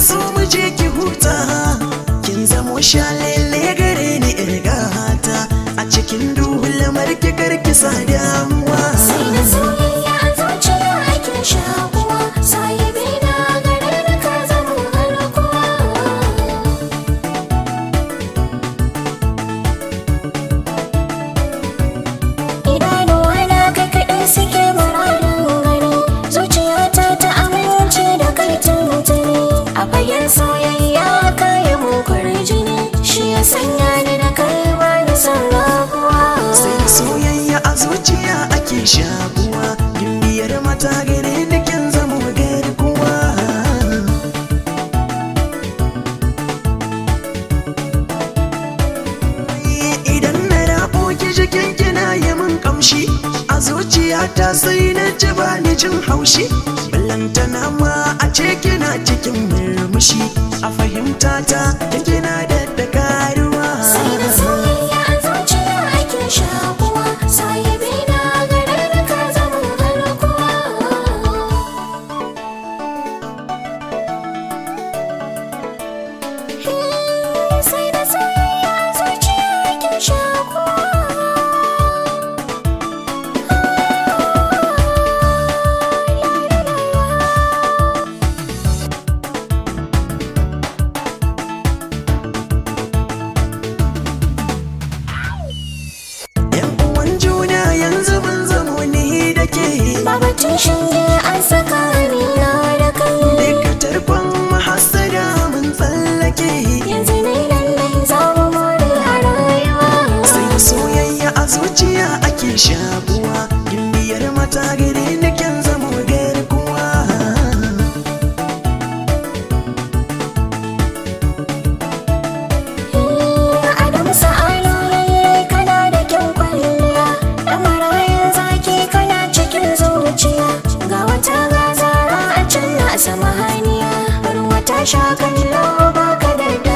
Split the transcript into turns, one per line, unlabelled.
so mu je ki huta kin zamo shalele gare ni irga hata a cikin duhu lamar ki karki sa damuwa shakuwa gimbiyar mata gari da kyan zama garkuwa idan na rabo ki jikin kina yi min kamshi a zuciyata sai na ci ba ni jin haushi ballantana ma a ce kina cikin murmushi a fahimtata ta kina da say shakuwa gimbiyar mata gari nikin zama garkuwa
Adam sa'ala rai kana da kyan kwalliya Ɗamarayen zaki kana cikin zuciya Ga wata gazara a canza na sama haniya Ruwa ta sha kallo baka